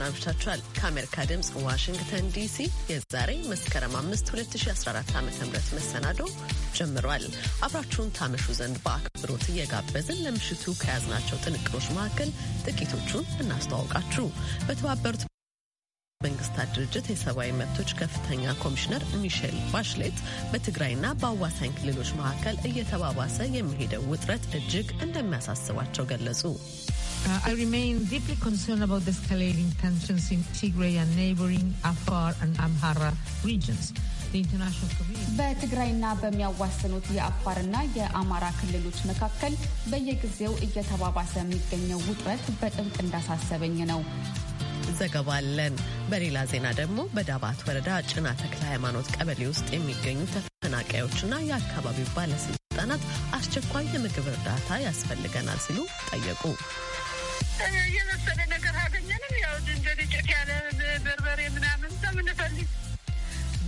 እንደምን አምሽታችኋል። ከአሜሪካ ድምፅ ዋሽንግተን ዲሲ የዛሬ መስከረም 5 2014 ዓ ም መሰናዶ ጀምሯል። አብራችሁን ታመሹ ዘንድ በአክብሮት እየጋበዝን ለምሽቱ ከያዝናቸው ጥንቅሮች መካከል ጥቂቶቹን እናስተዋውቃችሁ። በተባበሩት መንግስታት ድርጅት የሰብአዊ መብቶች ከፍተኛ ኮሚሽነር ሚሼል ባሽሌት በትግራይና በአዋሳኝ ክልሎች መካከል እየተባባሰ የሚሄደው ውጥረት እጅግ እንደሚያሳስባቸው ገለጹ። Uh, I remain deeply concerned about the escalating tensions in Tigray and neighboring Afar and Amhara regions. በትግራይና በሚያዋስኑት የአፋርና የአማራ ክልሎች መካከል በየጊዜው እየተባባሰ የሚገኘው ውጥረት በጥብቅ እንዳሳሰበኝ ነው። ዘገባለን። በሌላ ዜና ደግሞ በዳባት ወረዳ ጭና ተክለ ሃይማኖት ቀበሌ ውስጥ የሚገኙ ተፈናቃዮችና የአካባቢው ባለስልጣናት አስቸኳይ የምግብ እርዳታ ያስፈልገናል ሲሉ ጠየቁ። የመሰለ ነገር አገኘንም ያው እንደ ዱቄት ያለ በርበሬ ምናምን ምንፈልግ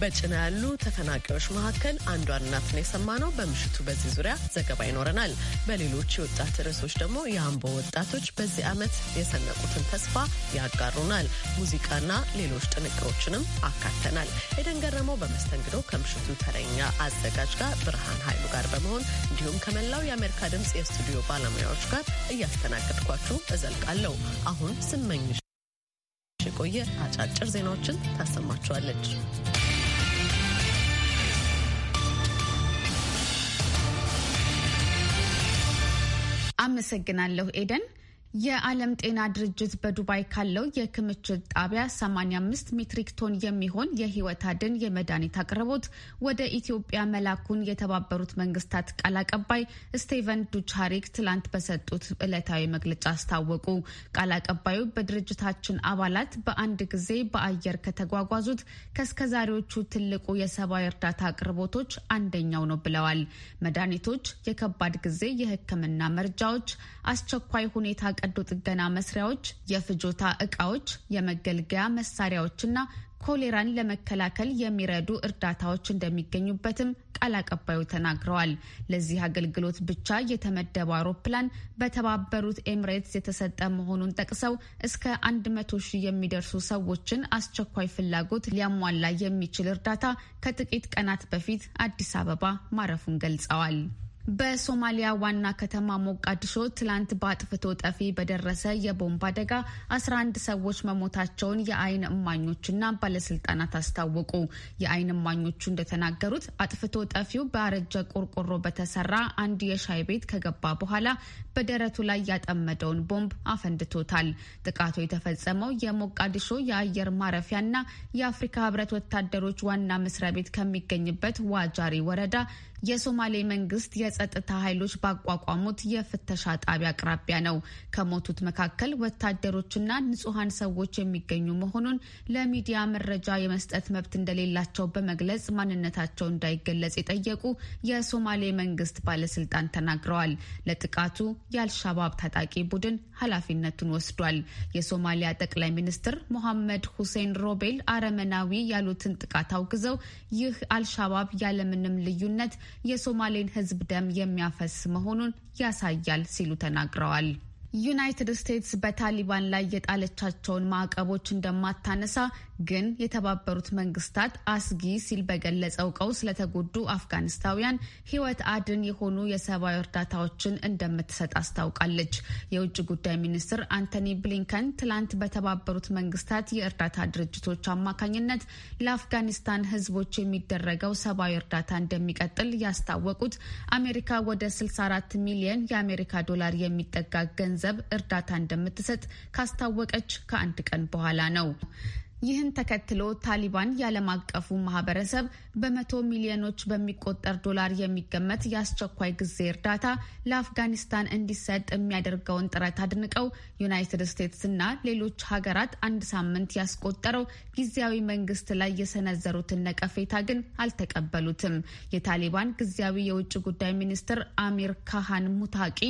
በጭና ያሉ ተፈናቃዮች መካከል አንዷን እናትን የሰማ ነው። በምሽቱ በዚህ ዙሪያ ዘገባ ይኖረናል። በሌሎች የወጣት ርዕሶች ደግሞ የአምቦ ወጣቶች በዚህ ዓመት የሰነቁትን ተስፋ ያጋሩናል። ሙዚቃና ሌሎች ጥንቅሮችንም አካተናል። ኤደን ገረመው በመስተንግዶ ከምሽቱ ተረኛ አዘጋጅ ጋር ብርሃን ኃይሉ ጋር በመሆን እንዲሁም ከመላው የአሜሪካ ድምፅ የስቱዲዮ ባለሙያዎች ጋር እያስተናገድኳችሁ እዘልቃለሁ። አሁን ስመኝሽ የቆየ አጫጭር ዜናዎችን ታሰማችኋለች። አመሰግናለሁ ኤደን። የዓለም ጤና ድርጅት በዱባይ ካለው የክምችት ጣቢያ 85 ሜትሪክ ቶን የሚሆን የህይወት አድን የመድኃኒት አቅርቦት ወደ ኢትዮጵያ መላኩን የተባበሩት መንግስታት ቃል አቀባይ ስቴቨን ዱቻሪክ ትላንት በሰጡት ዕለታዊ መግለጫ አስታወቁ። ቃል አቀባዩ በድርጅታችን አባላት በአንድ ጊዜ በአየር ከተጓጓዙት ከእስከዛሬዎቹ ትልቁ የሰብአዊ እርዳታ አቅርቦቶች አንደኛው ነው ብለዋል። መድኃኒቶች፣ የከባድ ጊዜ የህክምና መርጃዎች፣ አስቸኳይ ሁኔታ የቀዶ ጥገና መስሪያዎች፣ የፍጆታ እቃዎች፣ የመገልገያ መሳሪያዎችና ኮሌራን ለመከላከል የሚረዱ እርዳታዎች እንደሚገኙበትም ቃል አቀባዩ ተናግረዋል። ለዚህ አገልግሎት ብቻ የተመደበ አውሮፕላን በተባበሩት ኤምሬትስ የተሰጠ መሆኑን ጠቅሰው እስከ 100 ሺህ የሚደርሱ ሰዎችን አስቸኳይ ፍላጎት ሊያሟላ የሚችል እርዳታ ከጥቂት ቀናት በፊት አዲስ አበባ ማረፉን ገልጸዋል። በሶማሊያ ዋና ከተማ ሞቃዲሾ ትላንት በአጥፍቶ ጠፊ በደረሰ የቦምብ አደጋ 11 ሰዎች መሞታቸውን የአይን እማኞችና ባለስልጣናት አስታወቁ። የአይን እማኞቹ እንደተናገሩት አጥፍቶ ጠፊው በአረጀ ቆርቆሮ በተሰራ አንድ የሻይ ቤት ከገባ በኋላ በደረቱ ላይ ያጠመደውን ቦምብ አፈንድቶታል። ጥቃቱ የተፈጸመው የሞቃዲሾ የአየር ማረፊያና የአፍሪካ ሕብረት ወታደሮች ዋና መስሪያ ቤት ከሚገኝበት ዋጃሪ ወረዳ የሶማሌ መንግስት የጸጥታ ኃይሎች ባቋቋሙት የፍተሻ ጣቢያ አቅራቢያ ነው። ከሞቱት መካከል ወታደሮችና ንጹሐን ሰዎች የሚገኙ መሆኑን ለሚዲያ መረጃ የመስጠት መብት እንደሌላቸው በመግለጽ ማንነታቸው እንዳይገለጽ የጠየቁ የሶማሌ መንግስት ባለስልጣን ተናግረዋል። ለጥቃቱ የአልሻባብ ታጣቂ ቡድን ኃላፊነቱን ወስዷል። የሶማሊያ ጠቅላይ ሚኒስትር ሞሐመድ ሁሴን ሮቤል አረመናዊ ያሉትን ጥቃት አውግዘው ይህ አልሻባብ ያለምንም ልዩነት የሶማሌን ህዝብ ደም የሚያፈስ መሆኑን ያሳያል ሲሉ ተናግረዋል። ዩናይትድ ስቴትስ በታሊባን ላይ የጣለቻቸውን ማዕቀቦች እንደማታነሳ ግን የተባበሩት መንግስታት አስጊ ሲል በገለጸው ቀውስ ለተጎዱ አፍጋኒስታውያን ህይወት አድን የሆኑ የሰብአዊ እርዳታዎችን እንደምትሰጥ አስታውቃለች። የውጭ ጉዳይ ሚኒስትር አንቶኒ ብሊንከን ትላንት በተባበሩት መንግስታት የእርዳታ ድርጅቶች አማካኝነት ለአፍጋኒስታን ህዝቦች የሚደረገው ሰብአዊ እርዳታ እንደሚቀጥል ያስታወቁት አሜሪካ ወደ 64 ሚሊየን የአሜሪካ ዶላር የሚጠጋ ገንዘብ እርዳታ እንደምትሰጥ ካስታወቀች ከአንድ ቀን በኋላ ነው። ይህን ተከትሎ ታሊባን የዓለም አቀፉ ማህበረሰብ በመቶ ሚሊዮኖች በሚቆጠር ዶላር የሚገመት የአስቸኳይ ጊዜ እርዳታ ለአፍጋኒስታን እንዲሰጥ የሚያደርገውን ጥረት አድንቀው ዩናይትድ ስቴትስ እና ሌሎች ሀገራት አንድ ሳምንት ያስቆጠረው ጊዜያዊ መንግስት ላይ የሰነዘሩትን ነቀፌታ ግን አልተቀበሉትም። የታሊባን ጊዜያዊ የውጭ ጉዳይ ሚኒስትር አሚር ካሃን ሙታቂ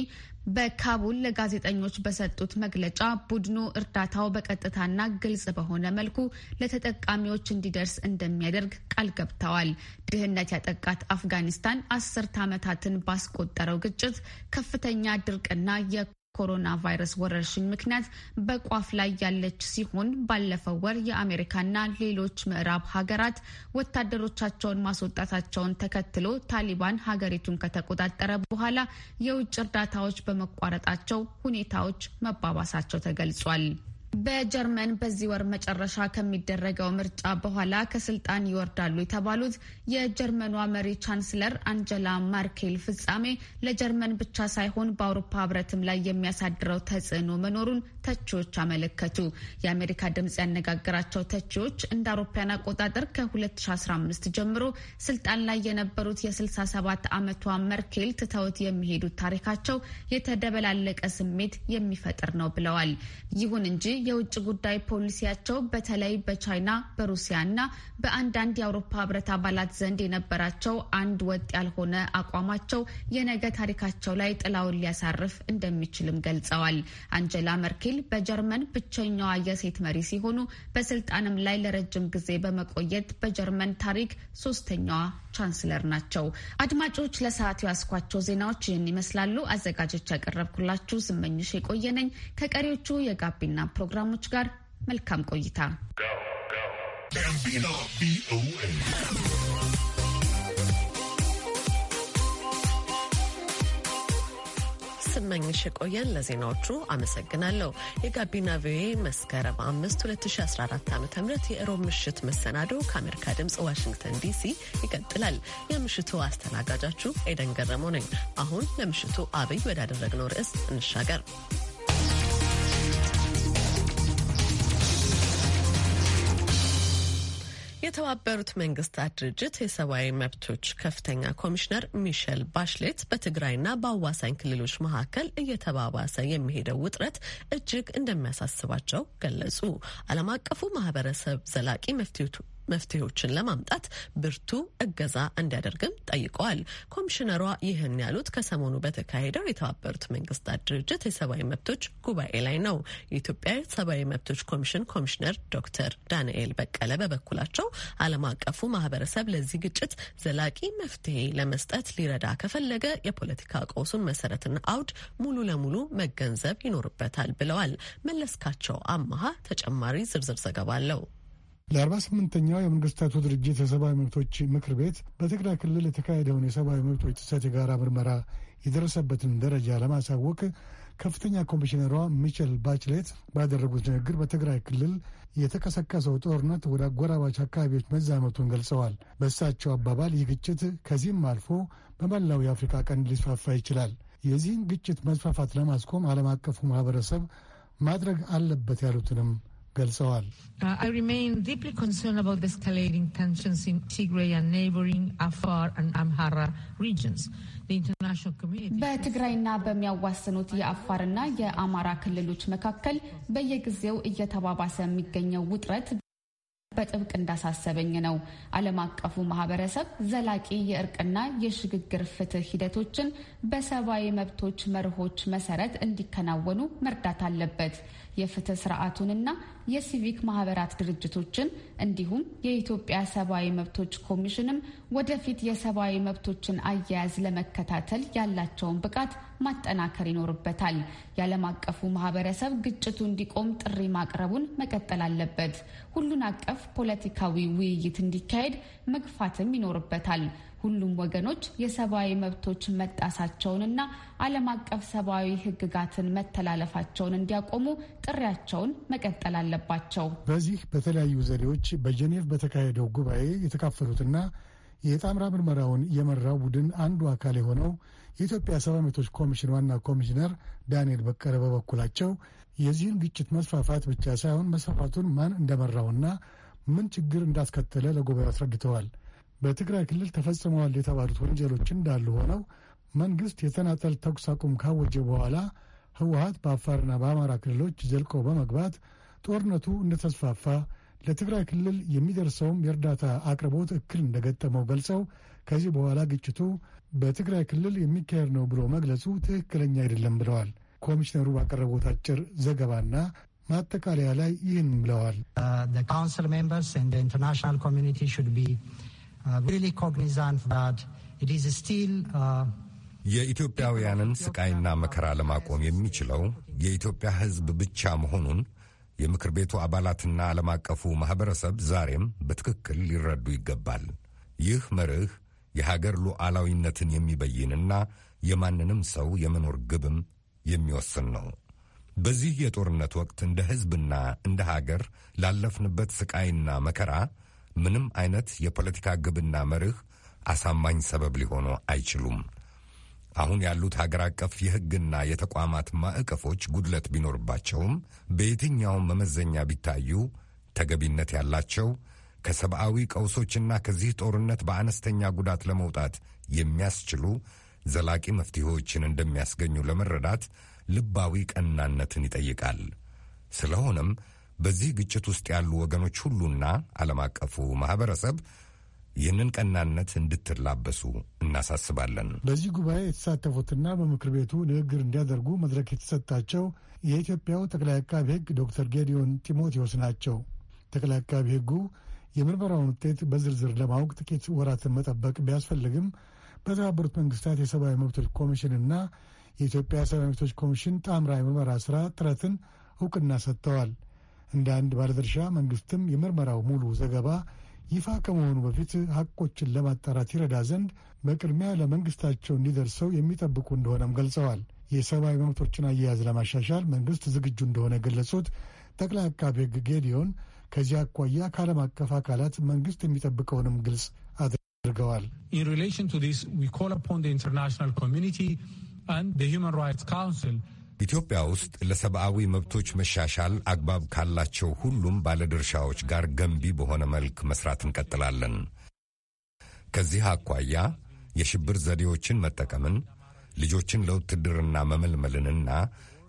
በካቡል ለጋዜጠኞች በሰጡት መግለጫ ቡድኑ እርዳታው በቀጥታና ግልጽ በሆነ መልኩ ለተጠቃሚዎች እንዲደርስ እንደሚያደርግ ቃል ገብተዋል። ድህነት ያጠቃት አፍጋኒስታን አስርት ዓመታትን ባስቆጠረው ግጭት ከፍተኛ ድርቅና ኮሮና ቫይረስ ወረርሽኝ ምክንያት በቋፍ ላይ ያለች ሲሆን ባለፈው ወር የአሜሪካና ሌሎች ምዕራብ ሀገራት ወታደሮቻቸውን ማስወጣታቸውን ተከትሎ ታሊባን ሀገሪቱን ከተቆጣጠረ በኋላ የውጭ እርዳታዎች በመቋረጣቸው ሁኔታዎች መባባሳቸው ተገልጿል። በጀርመን በዚህ ወር መጨረሻ ከሚደረገው ምርጫ በኋላ ከስልጣን ይወርዳሉ የተባሉት የጀርመኗ መሪ ቻንስለር አንጀላ ማርኬል ፍጻሜ ለጀርመን ብቻ ሳይሆን በአውሮፓ ሕብረትም ላይ የሚያሳድረው ተጽዕኖ መኖሩን ተቺዎች አመለከቱ። የአሜሪካ ድምጽ ያነጋገራቸው ተቺዎች እንደ አውሮፓያን አቆጣጠር ከ2015 ጀምሮ ስልጣን ላይ የነበሩት የ67 ዓመቷ መርኬል ትተውት የሚሄዱት ታሪካቸው የተደበላለቀ ስሜት የሚፈጥር ነው ብለዋል። ይሁን እንጂ የውጭ ጉዳይ ፖሊሲያቸው በተለይ በቻይና በሩሲያ እና በአንዳንድ የአውሮፓ ህብረት አባላት ዘንድ የነበራቸው አንድ ወጥ ያልሆነ አቋማቸው የነገ ታሪካቸው ላይ ጥላውን ሊያሳርፍ እንደሚችልም ገልጸዋል። አንጀላ መርኬል በጀርመን ብቸኛዋ የሴት መሪ ሲሆኑ በስልጣንም ላይ ለረጅም ጊዜ በመቆየት በጀርመን ታሪክ ሶስተኛዋ ቻንስለር ናቸው። አድማጮች ለሰዓቱ ያስኳቸው ዜናዎች ይህን ይመስላሉ። አዘጋጆች ያቀረብኩላችሁ ስመኝሽ የቆየነኝ ከቀሪዎቹ የጋቢና ፕሮግራም ፕሮግራሞች ጋር መልካም ቆይታ። ስመኝሽ የቆየን ለዜናዎቹ አመሰግናለሁ። የጋቢና ቪኦኤ መስከረም አምስት 2014 ዓ ም የእሮብ ምሽት መሰናዶ ከአሜሪካ ድምፅ ዋሽንግተን ዲሲ ይቀጥላል። የምሽቱ አስተናጋጃችሁ ኤደን ገረመው ነኝ። አሁን ለምሽቱ አብይ ወዳደረግነው ርዕስ እንሻገር። የተባበሩት መንግስታት ድርጅት የሰብአዊ መብቶች ከፍተኛ ኮሚሽነር ሚሸል ባሽሌት በትግራይና በአዋሳኝ ክልሎች መካከል እየተባባሰ የሚሄደው ውጥረት እጅግ እንደሚያሳስባቸው ገለጹ። ዓለም አቀፉ ማህበረሰብ ዘላቂ መፍትሄዎችን ለማምጣት ብርቱ እገዛ እንዲያደርግም ጠይቀዋል። ኮሚሽነሯ ይህን ያሉት ከሰሞኑ በተካሄደው የተባበሩት መንግስታት ድርጅት የሰብአዊ መብቶች ጉባኤ ላይ ነው። የኢትዮጵያ ሰብአዊ መብቶች ኮሚሽን ኮሚሽነር ዶክተር ዳንኤል በቀለ በበኩላቸው ዓለም አቀፉ ማህበረሰብ ለዚህ ግጭት ዘላቂ መፍትሄ ለመስጠት ሊረዳ ከፈለገ የፖለቲካ ቀውሱን መሰረትና አውድ ሙሉ ለሙሉ መገንዘብ ይኖርበታል ብለዋል። መለስካቸው አማሃ ተጨማሪ ዝርዝር ዘገባ አለው። ለ48ኛው የመንግስታቱ ድርጅት የሰብአዊ መብቶች ምክር ቤት በትግራይ ክልል የተካሄደውን የሰብአዊ መብቶች ጥሰት የጋራ ምርመራ የደረሰበትን ደረጃ ለማሳወቅ ከፍተኛ ኮሚሽነሯ ሚቸል ባችሌት ባደረጉት ንግግር በትግራይ ክልል የተቀሰቀሰው ጦርነት ወደ አጎራባች አካባቢዎች መዛመቱን ገልጸዋል። በእሳቸው አባባል ይህ ግጭት ከዚህም አልፎ በመላው የአፍሪካ ቀንድ ሊስፋፋ ይችላል። የዚህን ግጭት መስፋፋት ለማስቆም ዓለም አቀፉ ማህበረሰብ ማድረግ አለበት ያሉትንም ገልጸዋል። uh, በትግራይና በሚያዋስኑት የአፋርና የአማራ ክልሎች መካከል በየጊዜው እየተባባሰ የሚገኘው ውጥረት በጥብቅ እንዳሳሰበኝ ነው። ዓለም አቀፉ ማህበረሰብ ዘላቂ የእርቅና የሽግግር ፍትህ ሂደቶችን በሰብአዊ መብቶች መርሆች መሰረት እንዲከናወኑ መርዳት አለበት። የፍትህ ስርዓቱንና የሲቪክ ማህበራት ድርጅቶችን እንዲሁም የኢትዮጵያ ሰብአዊ መብቶች ኮሚሽንም ወደፊት የሰብአዊ መብቶችን አያያዝ ለመከታተል ያላቸውን ብቃት ማጠናከር ይኖርበታል። የዓለም አቀፉ ማህበረሰብ ግጭቱ እንዲቆም ጥሪ ማቅረቡን መቀጠል አለበት። ሁሉን አቀፍ ፖለቲካዊ ውይይት እንዲካሄድ መግፋትም ይኖርበታል። ሁሉም ወገኖች የሰብአዊ መብቶች መጣሳቸውንና ዓለም አቀፍ ሰብአዊ ህግጋትን መተላለፋቸውን እንዲያቆሙ ጥሪያቸውን መቀጠል አለባቸው። በዚህ በተለያዩ ዘዴዎች በጄኔቭ በተካሄደው ጉባኤ የተካፈሉትና የጣምራ ምርመራውን የመራው ቡድን አንዱ አካል የሆነው የኢትዮጵያ ሰብአዊ መብቶች ኮሚሽን ዋና ኮሚሽነር ዳንኤል በቀለ በበኩላቸው የዚህን ግጭት መስፋፋት ብቻ ሳይሆን መስፋፋቱን ማን እንደመራውና ምን ችግር እንዳስከተለ ለጉባኤው አስረድተዋል። በትግራይ ክልል ተፈጽመዋል የተባሉት ወንጀሎች እንዳሉ ሆነው መንግስት የተናጠል ተኩስ አቁም ካወጀ በኋላ ህወሀት በአፋርና በአማራ ክልሎች ዘልቆ በመግባት ጦርነቱ እንደተስፋፋ ለትግራይ ክልል የሚደርሰውም የእርዳታ አቅርቦት እክል እንደገጠመው ገልጸው ከዚህ በኋላ ግጭቱ በትግራይ ክልል የሚካሄድ ነው ብሎ መግለጹ ትክክለኛ አይደለም ብለዋል። ኮሚሽነሩ ባቀረቡት አጭር ዘገባና ማጠቃለያ ላይ ይህን ብለዋል። uh, Uh, uh, የኢትዮጵያውያንን ስቃይና መከራ ለማቆም የሚችለው የኢትዮጵያ ሕዝብ ብቻ መሆኑን የምክር ቤቱ አባላትና ዓለም አቀፉ ማኅበረሰብ ዛሬም በትክክል ሊረዱ ይገባል። ይህ መርህ የሀገር ሉዓላዊነትን የሚበይንና የማንንም ሰው የመኖር ግብም የሚወስን ነው። በዚህ የጦርነት ወቅት እንደ ሕዝብና እንደ ሀገር ላለፍንበት ስቃይና መከራ ምንም አይነት የፖለቲካ ግብና መርህ አሳማኝ ሰበብ ሊሆኑ አይችሉም። አሁን ያሉት ሀገር አቀፍ የሕግና የተቋማት ማዕቀፎች ጉድለት ቢኖርባቸውም በየትኛውም መመዘኛ ቢታዩ ተገቢነት ያላቸው ከሰብአዊ ቀውሶችና ከዚህ ጦርነት በአነስተኛ ጉዳት ለመውጣት የሚያስችሉ ዘላቂ መፍትሄዎችን እንደሚያስገኙ ለመረዳት ልባዊ ቀናነትን ይጠይቃል። ስለሆነም በዚህ ግጭት ውስጥ ያሉ ወገኖች ሁሉና ዓለም አቀፉ ማህበረሰብ ይህንን ቀናነት እንድትላበሱ እናሳስባለን። በዚህ ጉባኤ የተሳተፉትና በምክር ቤቱ ንግግር እንዲያደርጉ መድረክ የተሰጣቸው የኢትዮጵያው ጠቅላይ አቃቢ ሕግ ዶክተር ጌዲዮን ጢሞቴዎስ ናቸው። ጠቅላይ አቃቢ ሕጉ የምርመራውን ውጤት በዝርዝር ለማወቅ ጥቂት ወራትን መጠበቅ ቢያስፈልግም በተባበሩት መንግስታት የሰብአዊ መብቶች ኮሚሽንና የኢትዮጵያ ሰብአዊ መብቶች ኮሚሽን ጣምራ የምርመራ ስራ ጥረትን እውቅና ሰጥተዋል። እንደ አንድ ባለድርሻ መንግስትም የምርመራው ሙሉ ዘገባ ይፋ ከመሆኑ በፊት ሐቆችን ለማጣራት ይረዳ ዘንድ በቅድሚያ ለመንግስታቸው እንዲደርሰው የሚጠብቁ እንደሆነም ገልጸዋል። የሰብአዊ መብቶችን አያያዝ ለማሻሻል መንግስት ዝግጁ እንደሆነ ገለጹት ጠቅላይ አቃቤ ሕግ ጌዲዮን ከዚህ አኳያ ከዓለም አቀፍ አካላት መንግስት የሚጠብቀውንም ግልጽ አድርገዋል። ኢን ሪሌሽን ቱ ዲስ ዊ ኮል አፖን ኢንተርናሽናል ኮሚኒቲ አንድ ዘ ሂውማን ራይትስ ካውንስል ኢትዮጵያ ውስጥ ለሰብአዊ መብቶች መሻሻል አግባብ ካላቸው ሁሉም ባለድርሻዎች ጋር ገንቢ በሆነ መልክ መስራት እንቀጥላለን። ከዚህ አኳያ የሽብር ዘዴዎችን መጠቀምን፣ ልጆችን ለውትድርና መመልመልንና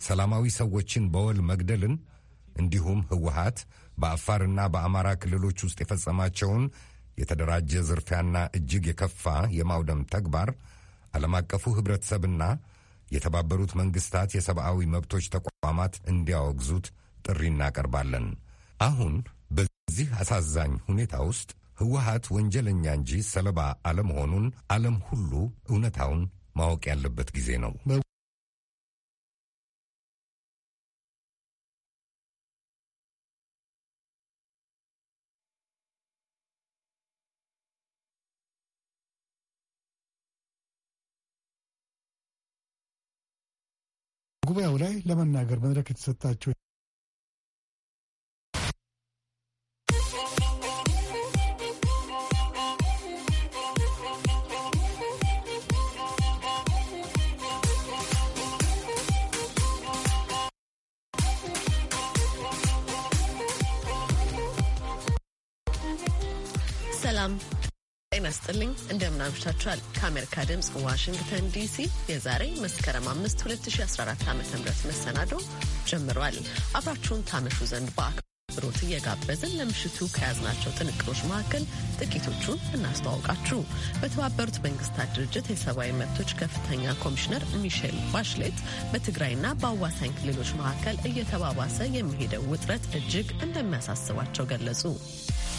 ሰላማዊ ሰዎችን በወል መግደልን እንዲሁም ህወሀት በአፋርና በአማራ ክልሎች ውስጥ የፈጸማቸውን የተደራጀ ዝርፊያና እጅግ የከፋ የማውደም ተግባር ዓለም አቀፉ ኅብረተሰብና የተባበሩት መንግስታት የሰብአዊ መብቶች ተቋማት እንዲያወግዙት ጥሪ እናቀርባለን። አሁን በዚህ አሳዛኝ ሁኔታ ውስጥ ህወሀት ወንጀለኛ እንጂ ሰለባ አለመሆኑን ዓለም ሁሉ እውነታውን ማወቅ ያለበት ጊዜ ነው። ጉባኤው ላይ ለመናገር መድረክ የተሰጣቸው ሰላም ጤና ስጥልኝ እንደምን አምሽታችኋል። ከአሜሪካ ድምፅ ዋሽንግተን ዲሲ የዛሬ መስከረም 5 2014 ዓ ም መሰናዶ ጀምሯል። አብራችሁን ታመሹ ዘንድ በአክብሮት እየጋበዝን ለምሽቱ ከያዝናቸው ጥንቅሮች መካከል ጥቂቶቹን እናስተዋውቃችሁ። በተባበሩት መንግስታት ድርጅት የሰብአዊ መብቶች ከፍተኛ ኮሚሽነር ሚሼል ባሽሌት በትግራይና በአዋሳኝ ክልሎች መካከል እየተባባሰ የሚሄደው ውጥረት እጅግ እንደሚያሳስባቸው ገለጹ።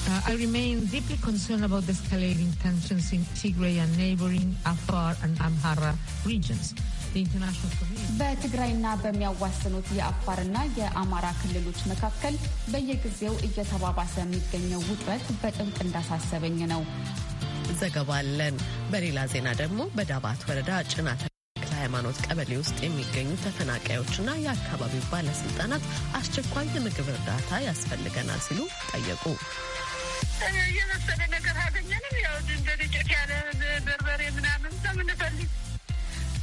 Uh, I remain deeply concerned about the escalating tensions in Tigray and neighboring Afar and Amhara regions. በትግራይና በሚያዋስኑት የአፋርና የአማራ ክልሎች መካከል በየጊዜው እየተባባሰ የሚገኘው ውጥረት በጥብቅ እንዳሳሰበኝ ነው። ዘገባ አለን። በሌላ ዜና ደግሞ በዳባት ወረዳ ጭና ሃይማኖት ቀበሌ ውስጥ የሚገኙ ተፈናቃዮችና የአካባቢው ባለስልጣናት አስቸኳይ የምግብ እርዳታ ያስፈልገናል ሲሉ ጠየቁ። የመሰለ ነገር አገኘንም። ያው ድንበር ጨት ያለ በርበሬ ምናምን ምንፈልግ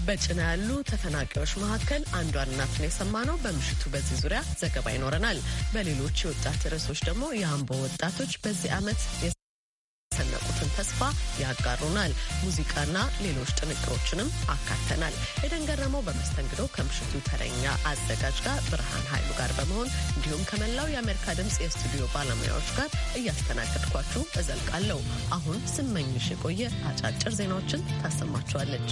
በጭና ያሉ ተፈናቃዮች መካከል አንዷን እናትን ነው በምሽቱ በዚህ ዙሪያ ዘገባ ይኖረናል። በሌሎች የወጣት ርዕሶች ደግሞ የአምቦ ወጣቶች በዚህ ዓመት የሰነቁ ያላቸውን ተስፋ ያጋሩናል። ሙዚቃና ሌሎች ጥንቅሮችንም አካተናል። ኤደን ገረመው በመስተንግዶ ከምሽቱ ተረኛ አዘጋጅ ጋር ብርሃን ኃይሉ ጋር በመሆን እንዲሁም ከመላው የአሜሪካ ድምፅ የስቱዲዮ ባለሙያዎች ጋር እያስተናገድኳችሁ እዘልቃለሁ። አሁን ስመኝሽ የቆየ አጫጭር ዜናዎችን ታሰማችኋለች።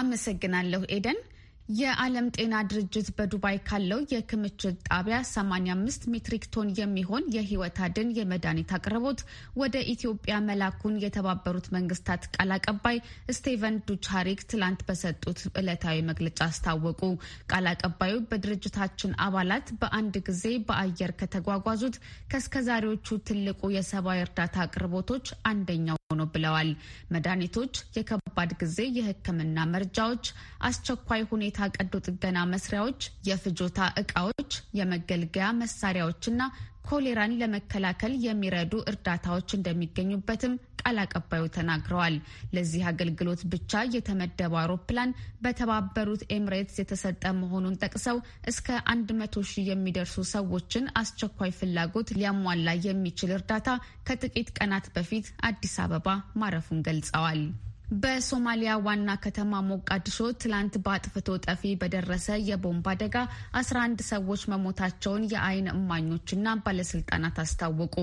አመሰግናለሁ ኤደን። የዓለም ጤና ድርጅት በዱባይ ካለው የክምችት ጣቢያ 85 ሜትሪክ ቶን የሚሆን የሕይወት አድን የመድኃኒት አቅርቦት ወደ ኢትዮጵያ መላኩን የተባበሩት መንግስታት ቃል አቀባይ ስቴቨን ዱቻሪክ ትላንት በሰጡት ዕለታዊ መግለጫ አስታወቁ። ቃል አቀባዩ በድርጅታችን አባላት በአንድ ጊዜ በአየር ከተጓጓዙት ከእስከዛሬዎቹ ትልቁ የሰብአዊ እርዳታ አቅርቦቶች አንደኛው ሆኖ ብለዋል። መድኃኒቶች፣ የከባድ ጊዜ የህክምና መርጃዎች፣ አስቸኳይ ሁኔታ ቀዶ ጥገና መስሪያዎች፣ የፍጆታ እቃዎች፣ የመገልገያ መሳሪያዎችና ኮሌራን ለመከላከል የሚረዱ እርዳታዎች እንደሚገኙበትም ቃል አቀባዩ ተናግረዋል። ለዚህ አገልግሎት ብቻ የተመደበው አውሮፕላን በተባበሩት ኤምሬትስ የተሰጠ መሆኑን ጠቅሰው እስከ 100 ሺህ የሚደርሱ ሰዎችን አስቸኳይ ፍላጎት ሊያሟላ የሚችል እርዳታ ከጥቂት ቀናት በፊት አዲስ አበባ ማረፉን ገልጸዋል። በሶማሊያ ዋና ከተማ ሞቃዲሾ ትላንት በአጥፍቶ ጠፊ በደረሰ የቦምብ አደጋ 11 ሰዎች መሞታቸውን የአይን እማኞችና ባለስልጣናት አስታወቁ።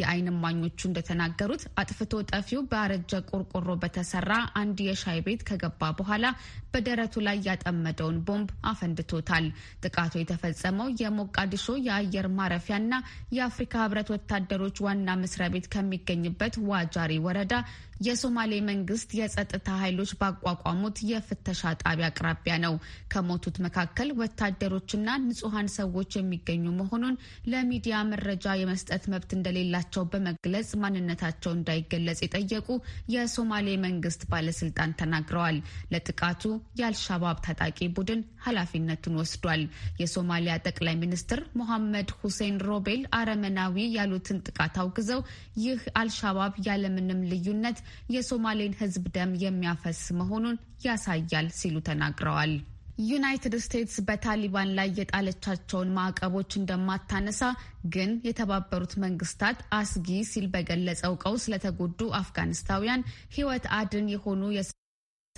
የአይን እማኞቹ እንደተናገሩት አጥፍቶ ጠፊው በአረጀ ቆርቆሮ በተሰራ አንድ የሻይ ቤት ከገባ በኋላ በደረቱ ላይ ያጠመደውን ቦምብ አፈንድቶታል። ጥቃቱ የተፈጸመው የሞቃዲሾ የአየር ማረፊያና የአፍሪካ ህብረት ወታደሮች ዋና መስሪያ ቤት ከሚገኝበት ዋጃሪ ወረዳ የሶማሌ መንግስት የጸጥታ ኃይሎች ባቋቋሙት የፍተሻ ጣቢያ አቅራቢያ ነው። ከሞቱት መካከል ወታደሮችና ንጹሐን ሰዎች የሚገኙ መሆኑን ለሚዲያ መረጃ የመስጠት መብት እንደሌላቸው በመግለጽ ማንነታቸው እንዳይገለጽ የጠየቁ የሶማሌ መንግስት ባለስልጣን ተናግረዋል። ለጥቃቱ የአልሻባብ ታጣቂ ቡድን ኃላፊነቱን ወስዷል። የሶማሊያ ጠቅላይ ሚኒስትር ሞሐመድ ሁሴን ሮቤል አረመናዊ ያሉትን ጥቃት አውግዘው ይህ አልሻባብ ያለምንም ልዩነት የሶማሌን ሕዝብ ደም የሚያፈስ መሆኑን ያሳያል ሲሉ ተናግረዋል። ዩናይትድ ስቴትስ በታሊባን ላይ የጣለቻቸውን ማዕቀቦች እንደማታነሳ ግን የተባበሩት መንግስታት አስጊ ሲል በገለጸው ቀውስ ለተጎዱ አፍጋኒስታውያን ህይወት አድን የሆኑ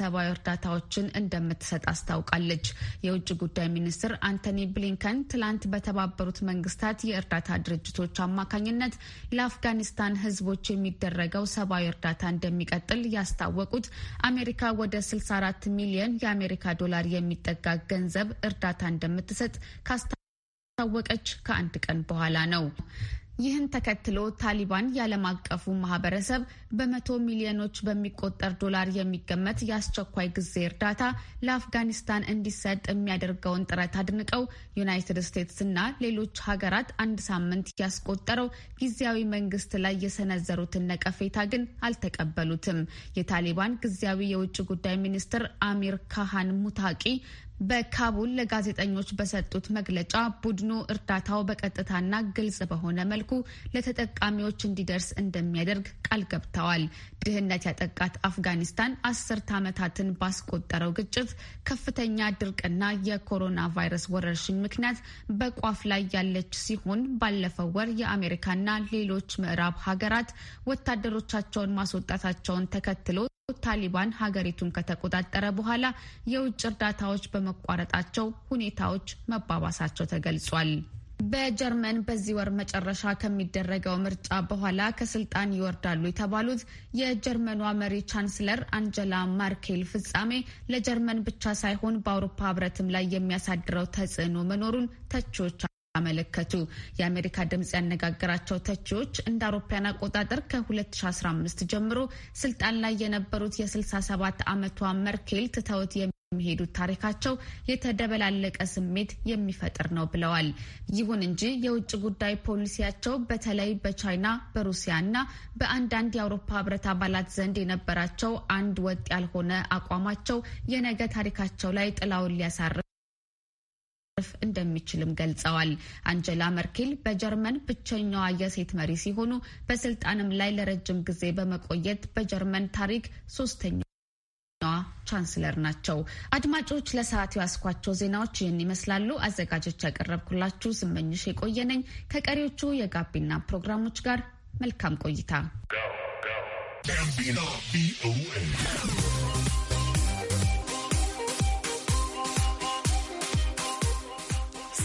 ሰብአዊ እርዳታዎችን እንደምትሰጥ አስታውቃለች። የውጭ ጉዳይ ሚኒስትር አንቶኒ ብሊንከን ትላንት በተባበሩት መንግስታት የእርዳታ ድርጅቶች አማካኝነት ለአፍጋኒስታን ህዝቦች የሚደረገው ሰብአዊ እርዳታ እንደሚቀጥል ያስታወቁት አሜሪካ ወደ 64 ሚሊዮን የአሜሪካ ዶላር የሚጠጋ ገንዘብ እርዳታ እንደምትሰጥ ካስታወቀች ከአንድ ቀን በኋላ ነው። ይህን ተከትሎ ታሊባን ያለም አቀፉ ማህበረሰብ በመቶ ሚሊዮኖች በሚቆጠር ዶላር የሚገመት የአስቸኳይ ጊዜ እርዳታ ለአፍጋኒስታን እንዲሰጥ የሚያደርገውን ጥረት አድንቀው ዩናይትድ ስቴትስና ሌሎች ሀገራት አንድ ሳምንት ያስቆጠረው ጊዜያዊ መንግስት ላይ የሰነዘሩትን ነቀፌታ ግን አልተቀበሉትም። የታሊባን ጊዜያዊ የውጭ ጉዳይ ሚኒስትር አሚር ካሃን ሙታቂ በካቡል ለጋዜጠኞች በሰጡት መግለጫ ቡድኑ እርዳታው በቀጥታና ግልጽ በሆነ መልኩ ለተጠቃሚዎች እንዲደርስ እንደሚያደርግ ቃል ገብተዋል። ድህነት ያጠቃት አፍጋኒስታን አስርት ዓመታትን ባስቆጠረው ግጭት፣ ከፍተኛ ድርቅና የኮሮና ቫይረስ ወረርሽኝ ምክንያት በቋፍ ላይ ያለች ሲሆን ባለፈው ወር የአሜሪካና ሌሎች ምዕራብ ሀገራት ወታደሮቻቸውን ማስወጣታቸውን ተከትሎ ታሊባን ሀገሪቱን ከተቆጣጠረ በኋላ የውጭ እርዳታዎች በመቋረጣቸው ሁኔታዎች መባባሳቸው ተገልጿል። በጀርመን በዚህ ወር መጨረሻ ከሚደረገው ምርጫ በኋላ ከስልጣን ይወርዳሉ የተባሉት የጀርመኗ መሪ ቻንስለር አንጀላ ማርኬል ፍጻሜ ለጀርመን ብቻ ሳይሆን በአውሮፓ ሕብረትም ላይ የሚያሳድረው ተጽዕኖ መኖሩን ተቺዎች አመለከቱ። የአሜሪካ ድምጽ ያነጋገራቸው ተቺዎች እንደ አውሮፓያን አቆጣጠር ከ2015 ጀምሮ ስልጣን ላይ የነበሩት የ67 ዓመቷ መርኬል ትተውት የሚሄዱት ታሪካቸው የተደበላለቀ ስሜት የሚፈጥር ነው ብለዋል። ይሁን እንጂ የውጭ ጉዳይ ፖሊሲያቸው በተለይ በቻይና በሩሲያ እና በአንዳንድ የአውሮፓ ሕብረት አባላት ዘንድ የነበራቸው አንድ ወጥ ያልሆነ አቋማቸው የነገ ታሪካቸው ላይ ጥላውን ሊያሳርፍ ሊያሳልፍ እንደሚችልም ገልጸዋል። አንጀላ መርኬል በጀርመን ብቸኛዋ የሴት መሪ ሲሆኑ በስልጣንም ላይ ለረጅም ጊዜ በመቆየት በጀርመን ታሪክ ሶስተኛ ቻንስለር ናቸው። አድማጮች ለሰዓት ያስኳቸው ዜናዎች ይህን ይመስላሉ። አዘጋጆች ያቀረብኩላችሁ ስመኝሽ የቆየነኝ ከቀሪዎቹ የጋቢና ፕሮግራሞች ጋር መልካም ቆይታ።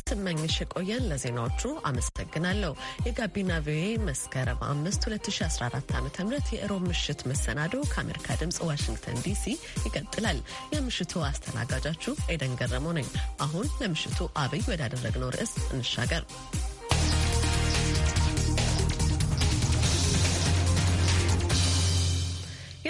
ስመኝሽ የቆየን ለዜናዎቹ አመሰግናለሁ። የጋቢና ቪኦኤ መስከረም አምስት 2014 ዓ ም የእሮብ ምሽት መሰናዶ ከአሜሪካ ድምፅ ዋሽንግተን ዲሲ ይቀጥላል። የምሽቱ አስተናጋጃችሁ ኤደን ገረመው ነኝ። አሁን ለምሽቱ አብይ ወዳደረግነው ርዕስ እንሻገር።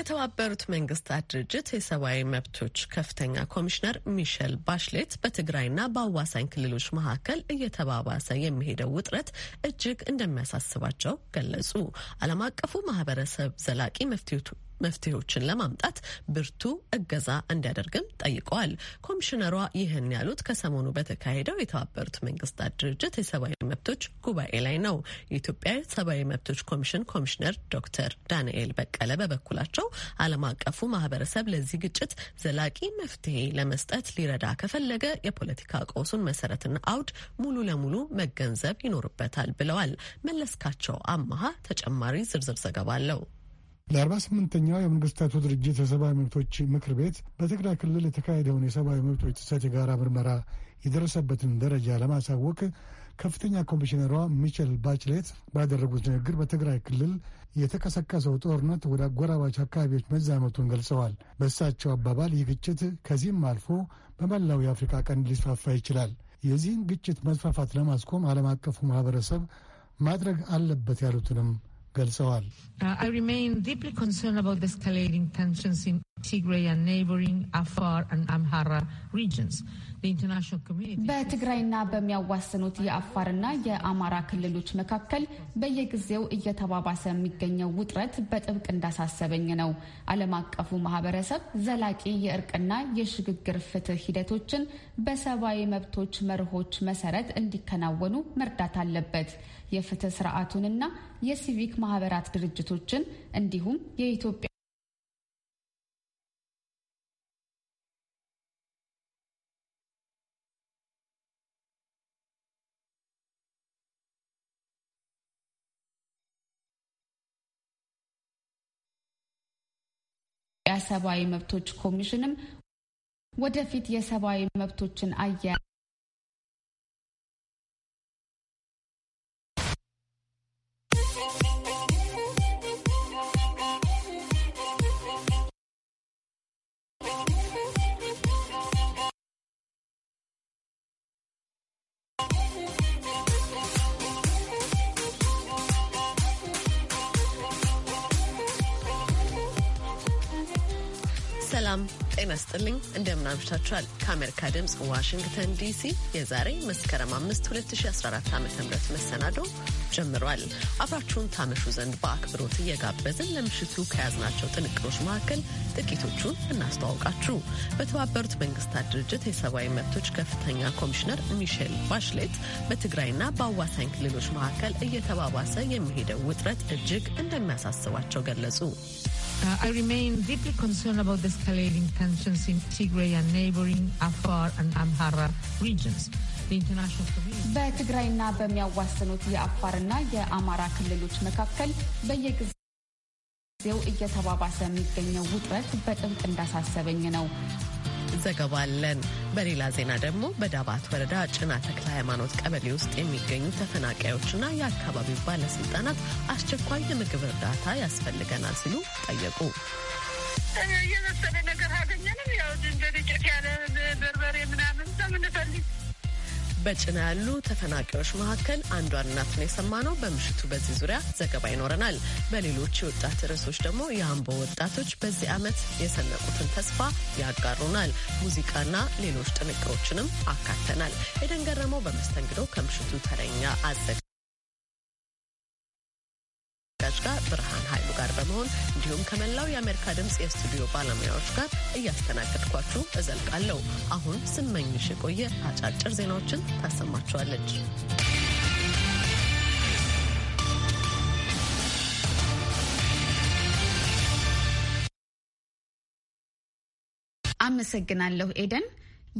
የተባበሩት መንግስታት ድርጅት የሰብአዊ መብቶች ከፍተኛ ኮሚሽነር ሚሸል ባሽሌት በትግራይና በአዋሳኝ ክልሎች መካከል እየተባባሰ የሚሄደው ውጥረት እጅግ እንደሚያሳስባቸው ገለጹ። ዓለም አቀፉ ማህበረሰብ ዘላቂ መፍትሄዎችን ለማምጣት ብርቱ እገዛ እንዲያደርግም ጠይቀዋል። ኮሚሽነሯ ይህን ያሉት ከሰሞኑ በተካሄደው የተባበሩት መንግስታት ድርጅት የሰብአዊ መብቶች ጉባኤ ላይ ነው። የኢትዮጵያ ሰብአዊ መብቶች ኮሚሽን ኮሚሽነር ዶክተር ዳንኤል በቀለ በበኩላቸው ዓለም አቀፉ ማህበረሰብ ለዚህ ግጭት ዘላቂ መፍትሄ ለመስጠት ሊረዳ ከፈለገ የፖለቲካ ቀውሱን መሰረትና አውድ ሙሉ ለሙሉ መገንዘብ ይኖርበታል ብለዋል። መለስካቸው አማሃ ተጨማሪ ዝርዝር ዘገባ አለው። ለ48ኛው የመንግስታቱ ድርጅት የሰብአዊ መብቶች ምክር ቤት በትግራይ ክልል የተካሄደውን የሰብአዊ መብቶች ጥሰት የጋራ ምርመራ የደረሰበትን ደረጃ ለማሳወቅ ከፍተኛ ኮሚሽነሯ ሚቸል ባችሌት ባደረጉት ንግግር በትግራይ ክልል የተቀሰቀሰው ጦርነት ወደ አጎራባች አካባቢዎች መዛመቱን ገልጸዋል። በእሳቸው አባባል ይህ ግጭት ከዚህም አልፎ በመላው የአፍሪካ ቀንድ ሊስፋፋ ይችላል። የዚህን ግጭት መስፋፋት ለማስቆም ዓለም አቀፉ ማህበረሰብ ማድረግ አለበት ያሉትንም ገልጸዋል። uh, በትግራይና በሚያዋስኑት የአፋርና የአማራ ክልሎች መካከል በየጊዜው እየተባባሰ የሚገኘው ውጥረት በጥብቅ እንዳሳሰበኝ ነው። ዓለም አቀፉ ማህበረሰብ ዘላቂ የእርቅና የሽግግር ፍትህ ሂደቶችን በሰብአዊ መብቶች መርሆች መሰረት እንዲከናወኑ መርዳት አለበት። የፍትህ ስርዓቱንና የሲቪክ ማህበራት ድርጅቶችን እንዲሁም የኢትዮጵያ ሰብአዊ መብቶች ኮሚሽንም ወደፊት የሰብአዊ መብቶችን አያ ይስጥልኝ እንደምን አምሽታችኋል። ከአሜሪካ ድምፅ ዋሽንግተን ዲሲ የዛሬ መስከረም 5 2014 ዓ ም መሰናዶ ጀምሯል። አብራችሁን ታመሹ ዘንድ በአክብሮት እየጋበዝን ለምሽቱ ከያዝናቸው ጥንቅሮች መካከል ጥቂቶቹን እናስተዋውቃችሁ። በተባበሩት መንግስታት ድርጅት የሰብአዊ መብቶች ከፍተኛ ኮሚሽነር ሚሼል ባሽሌት በትግራይና በአዋሳኝ ክልሎች መካከል እየተባባሰ የሚሄደው ውጥረት እጅግ እንደሚያሳስባቸው ገለጹ። Uh, I remain deeply concerned about the escalating tensions in Tigray and neighboring Afar and Amhara regions. በትግራይና በሚያዋስኑት የአፋርና የአማራ ክልሎች መካከል በየጊዜው እየተባባሰ የሚገኘው ውጥረት በጥብቅ እንዳሳሰበኝ ነው። ዘገባ አለን። በሌላ ዜና ደግሞ በዳባት ወረዳ ጭና ተክለ ሃይማኖት ቀበሌ ውስጥ የሚገኙ ተፈናቃዮችና የአካባቢው ባለስልጣናት አስቸኳይ የምግብ እርዳታ ያስፈልገናል ሲሉ ጠየቁ። የመሰለ ነገር አገኘንም ያው እንደ ዱቄት ያለ በርበሬ ምናምን ከምንፈልግ በጭና ያሉ ተፈናቃዮች መካከል አንዷን እናት ነው የሰማነው። በምሽቱ በዚህ ዙሪያ ዘገባ ይኖረናል። በሌሎች የወጣት ርዕሶች ደግሞ የአምቦ ወጣቶች በዚህ ዓመት የሰነቁትን ተስፋ ያጋሩናል። ሙዚቃና ሌሎች ጥንቅሮችንም አካተናል። የደንገረመው ገረመው በመስተንግዶ ከምሽቱ ተረኛ አዘ አዘጋጅ ጋር ብርሃን ኃይሉ ጋር በመሆን እንዲሁም ከመላው የአሜሪካ ድምፅ የስቱዲዮ ባለሙያዎች ጋር እያስተናገድኳችሁ እዘልቃለሁ። አሁን ስመኝሽ የቆየ አጫጭር ዜናዎችን ታሰማችኋለች። አመሰግናለሁ ኤደን።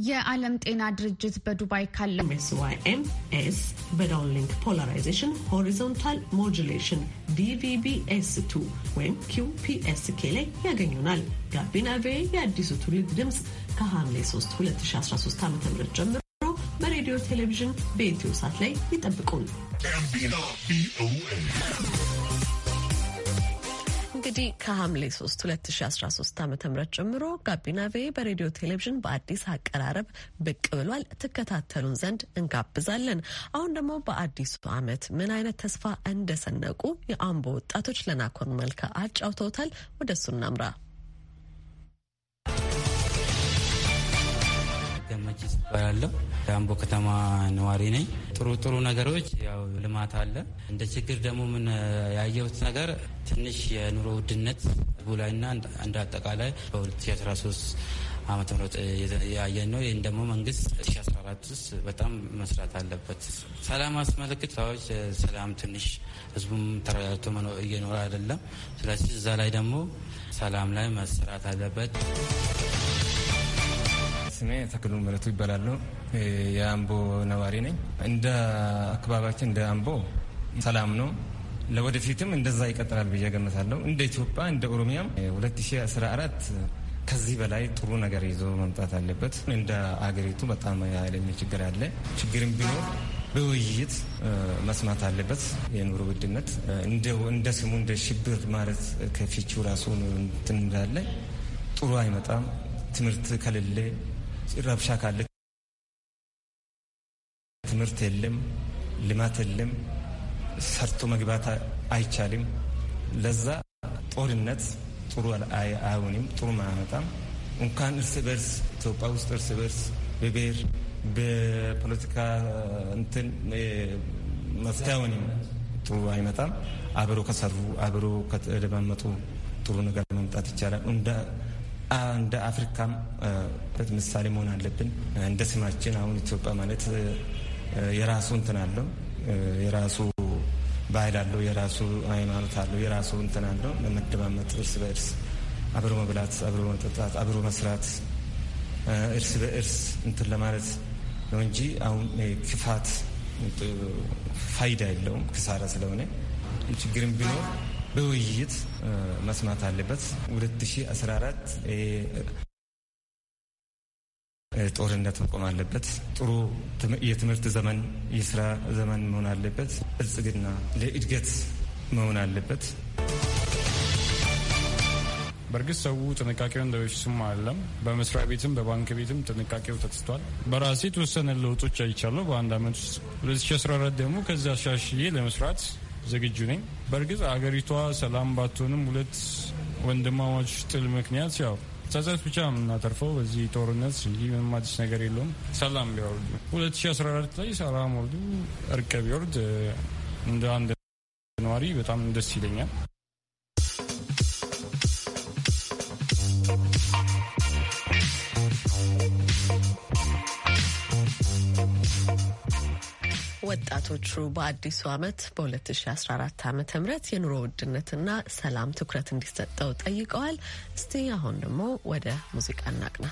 የዓለም ጤና ድርጅት በዱባይ ካለ ኤምኤስ በዳውን ሊንክ ፖላራይዜሽን ሆሪዞንታል ሞጁሌሽን ዲቪቢኤስ2 ወይም ኪውፒኤስኬ ላይ ያገኙናል። ጋቢና ቬ የአዲሱ ትውልድ ድምፅ ከሐምሌ 3 2013 ዓ ም ጀምሮ በሬዲዮ ቴሌቪዥን በኢትዮ ሳት ላይ ይጠብቁን። እንግዲህ ከሐምሌ 3 2013 ዓ ም ጀምሮ ጋቢና ቬ በሬዲዮ ቴሌቪዥን በአዲስ አቀራረብ ብቅ ብሏል። ትከታተሉን ዘንድ እንጋብዛለን። አሁን ደግሞ በአዲሱ ዓመት ምን አይነት ተስፋ እንደሰነቁ የአምቦ ወጣቶች ለናኮን መልካ አጫውተውታል። ወደ እሱ እናምራ። ሞጭስ ይባላለሁ። የአምቦ ከተማ ነዋሪ ነኝ። ጥሩ ጥሩ ነገሮች ያው ልማት አለ። እንደ ችግር ደግሞ ምን ያየሁት ነገር ትንሽ የኑሮ ውድነት ህዝቡ ላይ እና እንደ አጠቃላይ በ2013 ዓመተ ምህረት ያየን ነው። ይህን ደግሞ መንግስት 2014 ውስጥ በጣም መስራት አለበት። ሰላም አስመልክት ሰዎች ሰላም ትንሽ ህዝቡም ተረጋግቶ እየኖረ አይደለም። ስለዚህ እዛ ላይ ደግሞ ሰላም ላይ መስራት አለበት። ስሜ ተክሉ ምረቱ ይባላለሁ። የአምቦ ነዋሪ ነኝ። እንደ አካባቢያችን እንደ አምቦ ሰላም ነው። ለወደፊትም እንደዛ ይቀጥላል ብዬ ገምታለሁ። እንደ ኢትዮጵያ እንደ ኦሮሚያም 2014 ከዚህ በላይ ጥሩ ነገር ይዞ መምጣት አለበት። እንደ አገሪቱ በጣም ኃይለኛ ችግር አለ። ችግርም ቢኖር በውይይት መስማት አለበት። የኑሮ ውድነት እንደ ስሙ እንደ ሽብር ማለት ከፊቹ ራሱ እንትን እንዳለ ጥሩ አይመጣም። ትምህርት ከሌለ ረብሻ ካለ ትምህርት የለም፣ ልማት የለም፣ ሰርቶ መግባት አይቻልም። ለዛ ጦርነት ጥሩ አይሆንም፣ ጥሩ አያመጣም። እንኳን እርስ በርስ ኢትዮጵያ ውስጥ እርስ በርስ በብሔር በፖለቲካ እንትን መፍትሄውንም ጥሩ አይመጣም። አብሮ ከሰሩ አብሮ ከተደማመጡ ጥሩ ነገር መምጣት ይቻላል። እንደ አፍሪካም ምሳሌ መሆን አለብን። እንደ ስማችን አሁን ኢትዮጵያ ማለት የራሱ እንትን አለው፣ የራሱ ባህል አለው፣ የራሱ ሃይማኖት አለው፣ የራሱ እንትን አለው። ለመደማመጥ እርስ በእርስ አብሮ መብላት፣ አብሮ መጠጣት፣ አብሮ መስራት፣ እርስ በእርስ እንትን ለማለት ነው እንጂ አሁን ክፋት ፋይዳ የለውም፣ ክሳራ ስለሆነ ችግርም ቢኖር በውይይት መስማት አለበት። 2014 ጦርነት መቆም አለበት። ጥሩ የትምህርት ዘመን፣ የስራ ዘመን መሆን አለበት። ብልጽግና ለእድገት መሆን አለበት። በእርግጥ ሰው ጥንቃቄውን እንደበፊቱም አለም። በመስሪያ ቤትም በባንክ ቤትም ጥንቃቄው ተትቷል። በራሴ የተወሰነ ለውጦች አይቻለሁ በአንድ አመት ውስጥ 2014 ደግሞ ከዚያ አሻሽዬ ለመስራት ዝግጁ ነኝ። በእርግጥ አገሪቷ ሰላም ባትሆንም ሁለት ወንድማማች ጥል ምክንያት ያው ጸጸት ብቻ የምናተርፈው በዚህ ጦርነት እንጂ ምንም አዲስ ነገር የለውም። ሰላም ቢወርዱ 2014 ላይ ሰላም ወርዱ እርቅ ቢወርድ እንደ አንድ ነዋሪ በጣም ደስ ይለኛል። ወጣቶቹ በአዲሱ ዓመት በ2014 ዓ ም የኑሮ ውድነትና ሰላም ትኩረት እንዲሰጠው ጠይቀዋል። እስቲ አሁን ደግሞ ወደ ሙዚቃ እናቅና።